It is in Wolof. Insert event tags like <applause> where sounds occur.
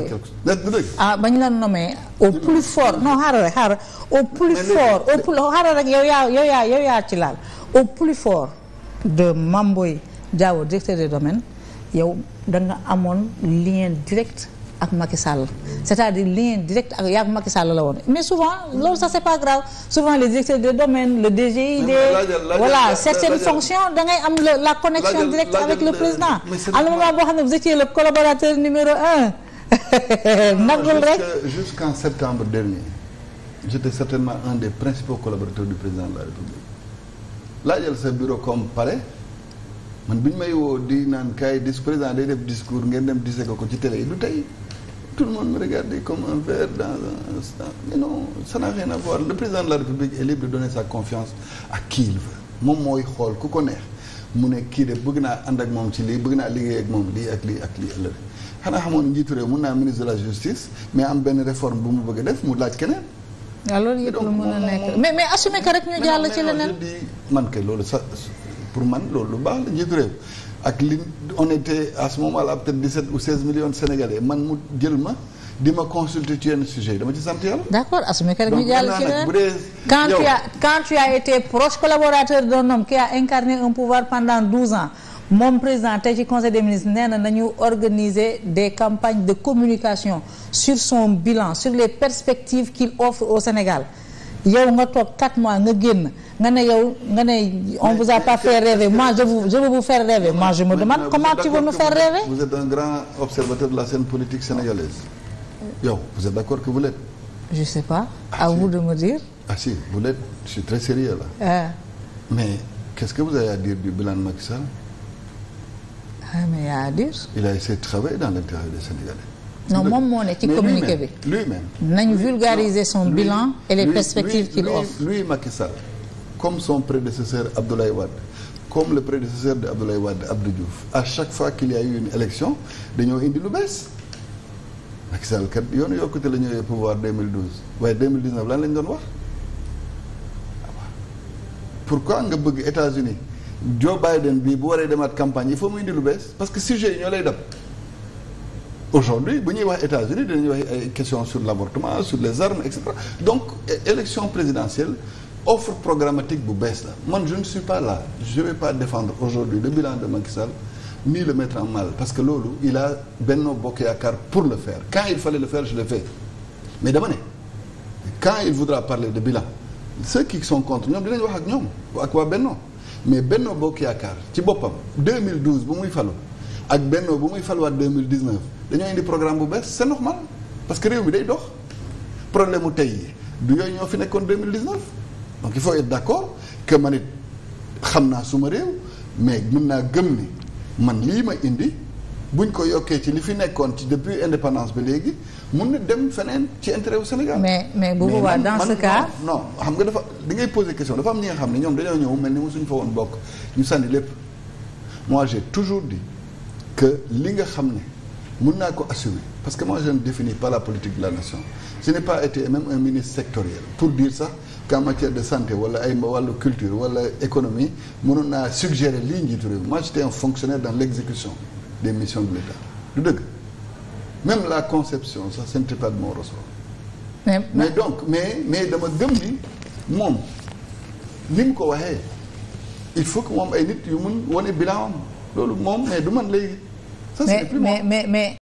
yooyu ah, ah ba ñu la nommé au plus fort non xaaral rek xaaral au plus fort au plus xaaral rek yow yaa yow yaa ci laal au plus fort de Mamboy Diao directeur des domaines yow da nga amoon lien direct ak Macky Sall c'est-à-dire lien direct ak yaa Macky Sall la woon mais souvent loolu ça c'est pas grave souvent les directeurs de domaine le DGID voilà certaines fonctions da am la connexion directe avec le euh, président à moment boo xam ne vous étiez le <laughs> nangul rek jusqu'en septembre dernier j'étais certainement un des principaux collaborateurs du président de la république laajal sa bureau comme pare man bi ñu may woo di naan kaay dis président day def discours ngeen dem dise ko ko ci télé yi du tey tout le monde me regardait comme un verre dans un instant mais non ça n'a rien à président de la république est libre sa confiance à qui il veut moom mooy xool ku ko neex mu ne kii de bëgg naa ànd ak moom ci lii bëgg naa liggéey ak moom lii ak lii ak lii ëllëg xanaa xamoon njiitu réew mun naa ministre de la justice mais am benn réforme bu mu bëgg def mu laaj keneen. waaw loolu yëpp lu mën a mais mais assumé ko rek ñu jàll ci leneen. man kay loolu sa pour man loolu lu baax la njiitu réew ak li on était à ce moment là peut-être 17 ou 16 millions de Sénégalais man mu jël ma. di ma ci yenn sujet dama ci sant yàlla. d'accord assumé que rek ñu tu as été proche collaborateur d'un homme qui a incarné un pouvoir pendant douze ans moom président tey ci conseil des ministres nee na nañu organiser des campagnes de communication sur son bilan sur les perspectives qu'il offre au Sénégal yow nga toog 4 mois nga génn nga ne yow nga ne on vous a pas fait rêver moi je je veux demande comment tu veux nous faire rêver. vous êtes un grand observateur de la scène politique sénégalaise. yow vous êtes d'accord que vous l'êtes je sais pas ah, à si. vous de me dire ah si vous l'êtes je très sérieux là ah. mais qu'est-ce que vous avez à dire du bilan de Macky Sall ah, a à dire il a essayé de travailler dans l'intérêt des Sénégalais non moom moo ne ci communiqué bi lui-même nañu vulgariser son bilan et les lui, perspectives qu'il offre lui Macky Sall comme son prédécesseur Abdoulaye Wade comme le prédécesseur de Abdoulaye Wade Abdou Diouf à chaque fois qu'il y a Macky Sall kat yoonu yokkute la ñëwee pouvoir 2012 waaye 2019 lan lañ doon wax pourquoi nga bëgg États-Unis Joe Biden bii bu waree demaat campagne il faut muy indi lu bees parce que sujet yi ñoo lay dab aujourd'hui bu ñuy wax États-Unis dinañuy wax ay questions sur l'avortement sur les armes et cetera donc élection présidentielle offre programmatique bu bees la man je ne suis pas là je vais pas défendre aujourd'hui le bilan de Macky Sall ni le mettre en mal parce que loolu il a Benno Bokk Yaakaar pour le fair quand il fallait le faire je l'ai fait mais dama ne quand il voudra parler de bilan ceux qui sont contre ñoom dinañ wax ak ñoom ak waa Benno mais Benno Bokk Yaakaar ci boppam 2012 bu muy falu ak Benno bu muy faluwaat 2019 dañoo indi programme bu bees c'est normal parce que réew mi day dox problème mu tey yi du yooyu ñoo fi nekkoon 2019 donc il faut être d'accord que man it xam naa suma réew mais mën naa gëm man lii ma indi buñ ko yokkee ci li fi nekkoon ci depuis indépendance bi léegi mun na dem feneen ci intérêt wu Sénégal. mais mais bu boobaa dans ce cas. non xam nga dafa li ngay poser question dafa am ñi nga xam ne ñoom dañoo ñëw mel ni mosuñ fa woon bokk ñu sànni lépp moi j'ai toujours di que li nga xam ne mun naa ko assumer. parce que moi je ne définis pas la politique de la nation je n'ai pas été même un ministre sectoriel pour dire sax qu'en matière de santé wala ay wàllu culture wala économie mënoon naa suggérer lii njiitu réew moi j'étais un fonctionnaire dans l'exécution des missions de l'État du dëgg même la conception sax ce n'était pas de mais, donc mais mais dama gëm ni moom ni mu ko waxee il faut que moom ay nit yu mun wane bilan am loolu moom mais du man léegi ça